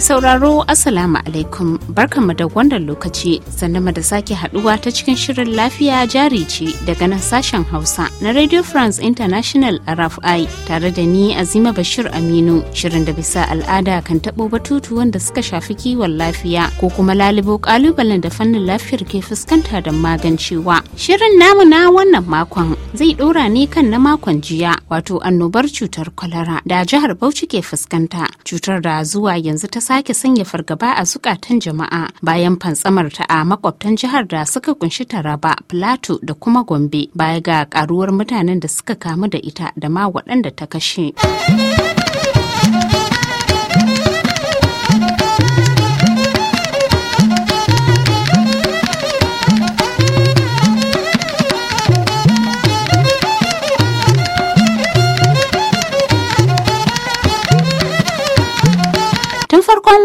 sauraro Assalamu alaikum barkanmu da wannan lokaci sannan da sake haduwa ta cikin shirin lafiya jari ce daga nan sashen Hausa na Radio France International RFI tare da ni Azima Bashir Aminu shirin da bisa al'ada kan tabo batutu wanda suka shafi kiwon lafiya ko kuma lalibo kalubalen da fannin lafiyar ke fuskanta da magancewa. Shirin namu na wannan makon zai dora ne kan na makon jiya wato annobar cutar kwalara da jihar Bauchi ke fuskanta cutar da zuwa yanzu ta sake sanya fargaba a zukatan jama'a bayan fantsamar ta a makwabtan jihar da suka kunshi taraba plateau da kuma gombe baya ga karuwar mutanen da suka kamu da ita da ma waɗanda ta kashe.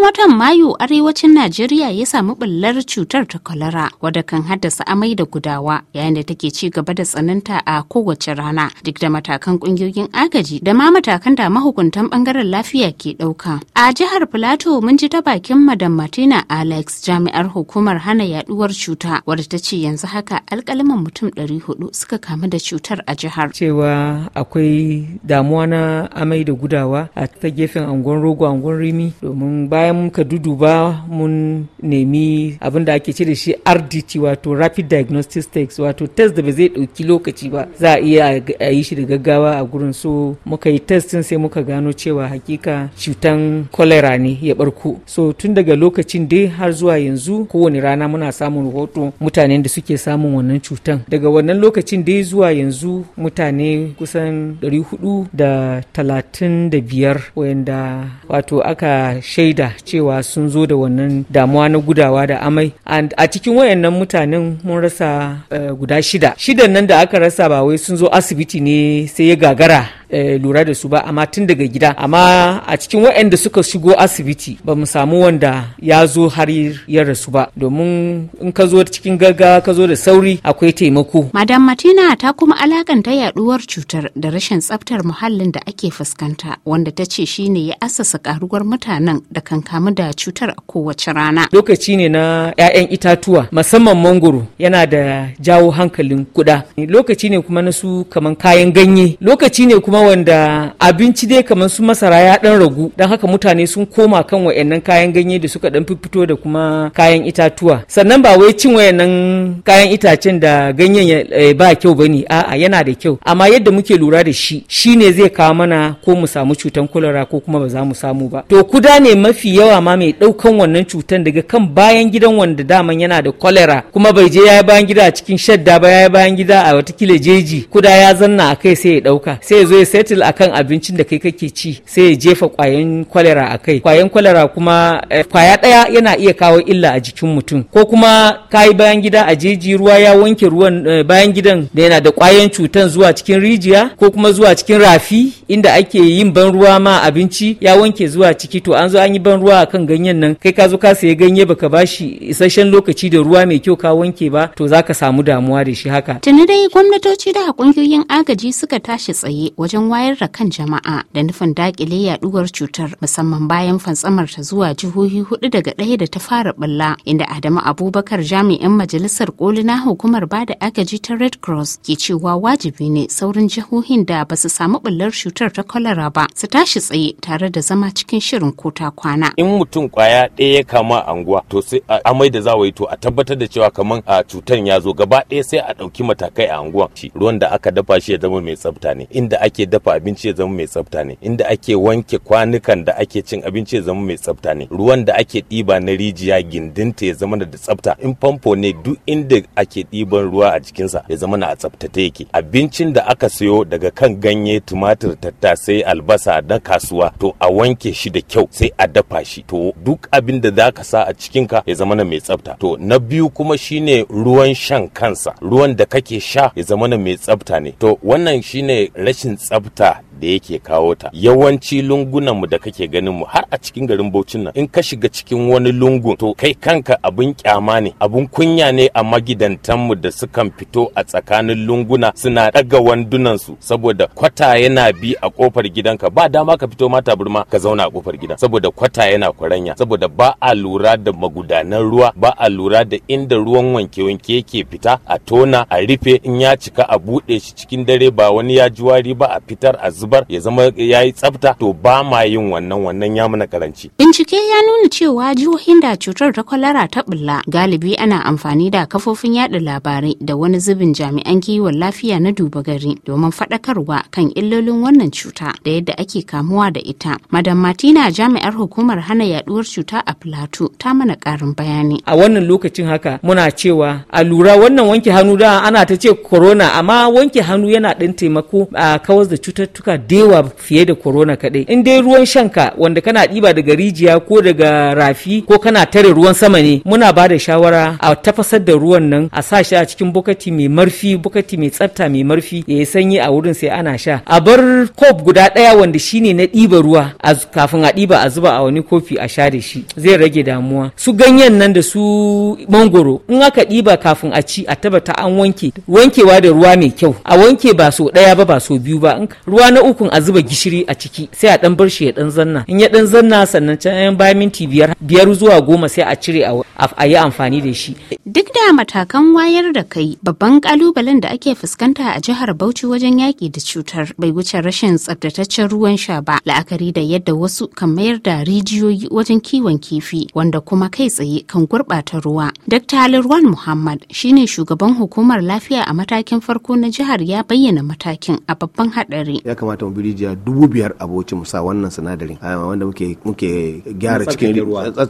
want watan Mayu arewacin Najeriya ya samu bullar cutar ta kwalara wadda kan haddasa amai da gudawa yayin da take ci gaba da tsananta a kowace rana duk da matakan kungiyoyin agaji da ma matakan da mahukuntan bangaren lafiya ke dauka. A jihar Filato mun ji ta bakin Madam Martina Alex jami'ar hukumar hana yaduwar cuta wadda ta ce yanzu haka alƙalman mutum 400 suka kamu da cutar a jihar. Cewa akwai damuwa na amai da gudawa a ta gefen angon rogo angon rimi domin bayan muka duduba mun nemi abin da ake ce da shi RDT wato Rapid Diagnostic Test wato test da ba zai ɗauki lokaci ba za a iya a yi shi da gaggawa a gurin so muka yi testin sai muka gano cewa hakika cutan cholera ne ya barko so tun daga lokacin dai har zuwa yanzu kowane rana muna samun rahoto mutanen da suke samun wannan cutan daga wannan lokacin dai zuwa yanzu mutane kusan 435 wayanda wato aka shaida cewa cewa sun zo da wannan damuwa na gudawa da amai a cikin wayannan mutanen mun rasa eh, guda shida shidan nan da aka rasa ba wai sun zo asibiti ne sai ya gagara Eh, lura da su ba amma tun daga gida amma a cikin waɗanda suka shigo asibiti ba mu samu wanda ya zo har ya rasu ba domin in ka zo cikin gaga ka zo da sauri akwai taimako. Madam Matina ta kuma alakanta yaduwar cutar da rashin tsaftar muhallin da ake fuskanta wanda ta ce shine ya assasa karuwar mutanen da kan kamu da cutar a kowace rana. Lokaci ne na 'ya'yan itatuwa musamman mangoro yana da jawo hankalin kuɗa Lokaci ne kuma na su kaman kayan ganye. Lokaci ne kuma wanda abinci dai kamar su masara ya dan ragu don haka mutane sun koma kan wayannan kayan ganye da suka dan fito da kuma kayan itatuwa sannan ba wai cin wayannan kayan itacen da ganyen eh, ba kyau bane a'a yana da kyau amma yadda muke lura da shi shine zai kawo mana ko mu samu cutan kulara ko kuma ba za mu samu ba to kuda ne mafi yawa ma mai daukan wannan cutan daga kan bayan gidan wanda daman yana da kwalara kuma bai je yayi bayan gida a cikin shadda ba yayi bayan gida a watakila jeji kuda ya zanna a kai sai ya dauka sai ya zo ya zai settle akan abincin da kai kake ci sai ya jefa kwayan kwalera a kai kwayan kwalera kuma eh, kwaya daya yana iya kawo illa a jikin mutum ko kuma kayi bayan gida a jeji ruwa ya wanke ruwan eh, bayan gidan da yana da kwayan cutan zuwa cikin rijiya ko kuma zuwa cikin rafi inda ake yin ban ruwa ma abinci ya wanke zuwa ciki to an zo an yi ban ruwa akan ganyen nan kai ka zo ka sayi ganye baka bashi isasshen lokaci da ruwa mai kyau ka wanke ba to zaka samu damuwa da shi haka tuni dai gwamnatoci da kungiyoyin agaji suka tashi tsaye wajen wajen wayar da kan jama'a da nufin dakile yaduwar cutar musamman bayan fantsamar ta zuwa jihohi hudu daga ɗaya da ta fara balla inda Adamu Abubakar jami'in majalisar koli na hukumar bada agaji ta Red Cross ke cewa wajibi ne saurin jihohin da ba su samu bullar cutar ta kwalara ba su tashi tsaye tare da zama cikin shirin kota kwana. In mutum kwaya daya ya kama anguwa to sai amai da zawayi to a tabbatar da cewa kaman a cutar ya zo gaba ɗaya sai a ɗauki matakai a unguwan Ruwan da aka dafa shi ya zama mai tsafta ne inda ake dafa abinci ya zama mai tsafta ne inda ake wanke kwanukan da ake cin abinci ya zama mai tsafta ne ruwan da ake ɗiba na rijiya gindinta ya zama da tsafta in famfo ne duk inda ake ɗiban ruwa a jikinsa ya zama na a tsaftace yake abincin da aka sayo daga kan ganye tumatir tattasai albasa na kasuwa to a wanke shi da kyau sai a dafa shi to duk abin da za ka sa a cikinka ya zama mai tsafta to na biyu kuma shine ruwan shan kansa ruwan da kake sha ya zama mai tsafta ne to wannan shine rashin tsafta tsabta da yake kawo ta yawanci lungunan mu da kake ganin mu har a cikin garin bauchi nan in ka shiga cikin wani lungu. to kai kanka abin kyama ne abun kunya ne a magidantan mu da sukan fito a tsakanin lunguna suna daga wandunan su saboda kwata yana bi a kofar gidanka ba dama ka fito mata burma ka zauna a kofar gidan saboda kwata yana kwaranya saboda ba a lura da magudanan ruwa ba a lura da inda ruwan wanke-wanke yake fita a tona a rufe in ya cika a buɗe shi cikin dare ba wani ya ji wari ba a fitar a zubar ya zama ya yi tsafta to ba ma yin wannan wannan ya mana karanci. Bincike ya nuna cewa jihohin da cutar ta kwalara ta bulla galibi ana amfani da kafofin yada labarai da wani zubin jami'an kiwon lafiya na duba gari domin faɗakarwa kan illolin wannan cuta da yadda ake kamuwa da ita. Madam Martina jami'ar hukumar hana yaduwar cuta a Plateau ta mana ƙarin bayani. A wannan lokacin haka muna cewa a lura wannan wanke hannu da ana ta ce corona amma wanke hannu yana ɗan taimako a kawar da cututtuka dewa da yawa fiye da corona kaɗai in dai ruwan shanka wanda kana ɗiba daga rijiya ko daga rafi ko kana tare ruwan sama ne muna ba da shawara a tafasar da ruwan nan a sa shi a cikin bokati mai marfi bokati mai tsafta mai marfi ya yi sanyi a wurin sai ana sha a bar kof guda ɗaya wanda shine na ɗiba ruwa kafin a ɗiba a zuba a wani kofi a sha da shi zai rage damuwa su ganyen nan da su mangoro in aka ɗiba kafin a ci a tabbata an wanke wankewa da ruwa mai kyau a wanke ba so ɗaya ba ba so biyu ba ruwa na ukun a zuba gishiri a ciki sai a dan bar shi ya dan zanna in ya dan zanna sannan can bayan minti biyar biyar zuwa goma sai a cire a yi amfani da shi duk da matakan wayar da kai babban kalubalen da ake fuskanta a jihar Bauchi wajen yaki da cutar bai wuce rashin tsaftataccen ruwan sha ba la'akari da yadda wasu kan mayar da rijiyoyi wajen kiwon kifi wanda kuma kai tsaye kan gurɓata ruwa dr alirwan muhammad shine shugaban hukumar lafiya a matakin farko na jihar ya bayyana matakin a babban hadari. ya kamata mu bi rijiya dubu biyar a bauchi sa wannan sinadarin wanda muke muke gyara cikin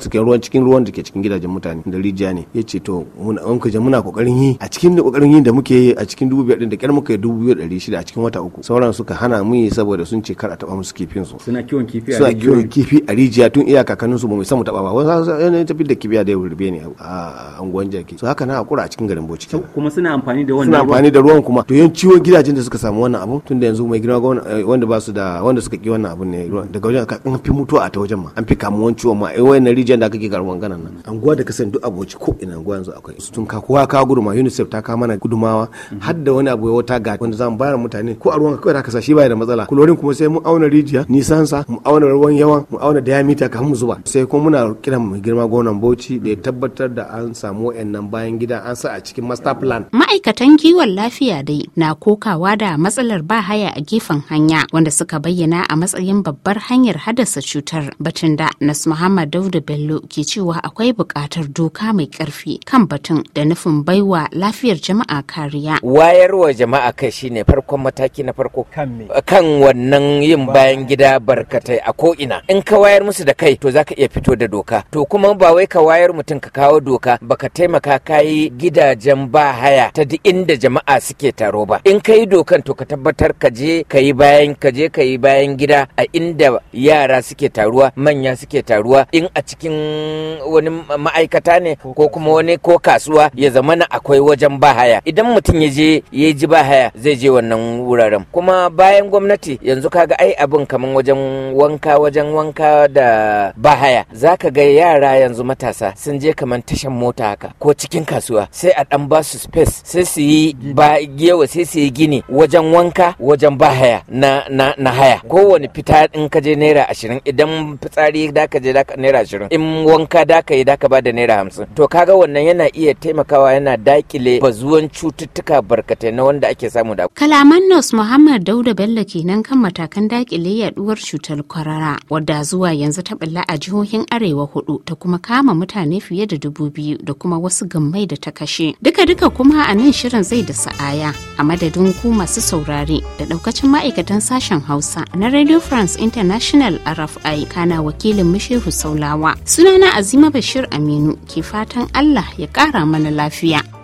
cikin ruwan cikin ruwan da ke cikin gidajen mutane da rijiya ne ya ce to muna an kaje muna kokarin yi a cikin kokarin yi da muke yi a cikin dubu biyar din da kyar muka yi dubu biyar dari shida a cikin wata uku sauran suka hana mu yi saboda sun ce kar a taba musu kifin su suna kiwon kifi a suna kiwon kifi a rijiya tun iya kakannin su ba mu san mu taba ba wani eh, ya tafi da kibiya da yau ne a anguwan jaki so haka na hakura a cikin garin bauchi kuma suna amfani da wannan suna amfani da ruwan kuma to yan ciwon gidajen da suka samu wannan abu tun da yanzu mai gina gwamna wanda ba su da wanda suka ki wannan abun ne daga wajen an fi mutuwa a ta wajen ma an fi kamuwan ciwon ma eh, a na rijiyar da kake garwan ganan nan anguwa da kasan duk aboci ko ina anguwa yanzu akwai su tun ka kowa ka guduma UNICEF ta ka mana gudumawa har da wani abu ya wata ga wanda zamu bayar mutane ko a ruwan kawai da ka sa shi da matsala kulorin kuma sai mu auna rijiya nisansa mu auna ruwan yawan mu auna diameter kafin mu zuba sai kuma muna kiran mu girma gonan Bauchi da ya tabbatar da an samu wayannan bayan gida an sa a cikin master plan ma'aikatan kiwon lafiya dai na kokawa da matsalar ba haya a gefen hanya kenya wanda suka bayyana a matsayin babbar hanyar haddasa cutar batun da nas muhammad dauda bello ke cewa akwai buƙatar doka mai ƙarfi kan batun da nufin baiwa lafiyar jama'a kariya wayarwa jama'a kai shine farkon mataki na farko kan wannan yin bayan gida barkatai a ko'ina in ka wayar musu da kai to zaka iya fito da doka to kuma ba wai ka wayar mutum ka kawo doka baka taimaka kayi gidajen ba haya ta duk inda jama'a suke taro ba in ka yi dokan to ka tabbatar ka je ka yi bayan bayan ka je ka yi bayan gida a inda yara suke taruwa manya suke taruwa in a cikin wani ma'aikata ne ko kuma wani ko kasuwa ya zama zamana akwai wajen bahaya idan mutum ya je ya ji bahaya zai je wannan wuraren kuma bayan gwamnati yanzu kaga ai abin kaman wajen wanka wajen wanka da bahaya Za ka ga yara yanzu matasa sun je kaman tashan mota haka ko cikin kasuwa sai a dan ba su space sai su yi ba sai su yi gini wajen wanka wajen bahaya na haya kowane fita in ka je naira ashirin idan fitsari da ka je naira ashirin in wanka da ka yi da ka ba da naira hamsin to kaga wannan yana iya taimakawa yana dakile bazuwan cututtuka barkatai na wanda ake samu da kalaman nurse muhammad dauda bello kenan kan matakan dakile yaduwar cutar kwarara wadda zuwa yanzu ta balla a jihohin arewa hudu ta kuma kama mutane fiye da dubu biyu da kuma wasu gammai da ta kashe duka duka kuma a nan shirin zai da sa'aya a madadin ku masu saurare da daukacin ma'aikatan sashen hausa na radio france international rfi kana wakilin mishehu saulawa sunana azima bashir aminu ke fatan allah ya kara mana lafiya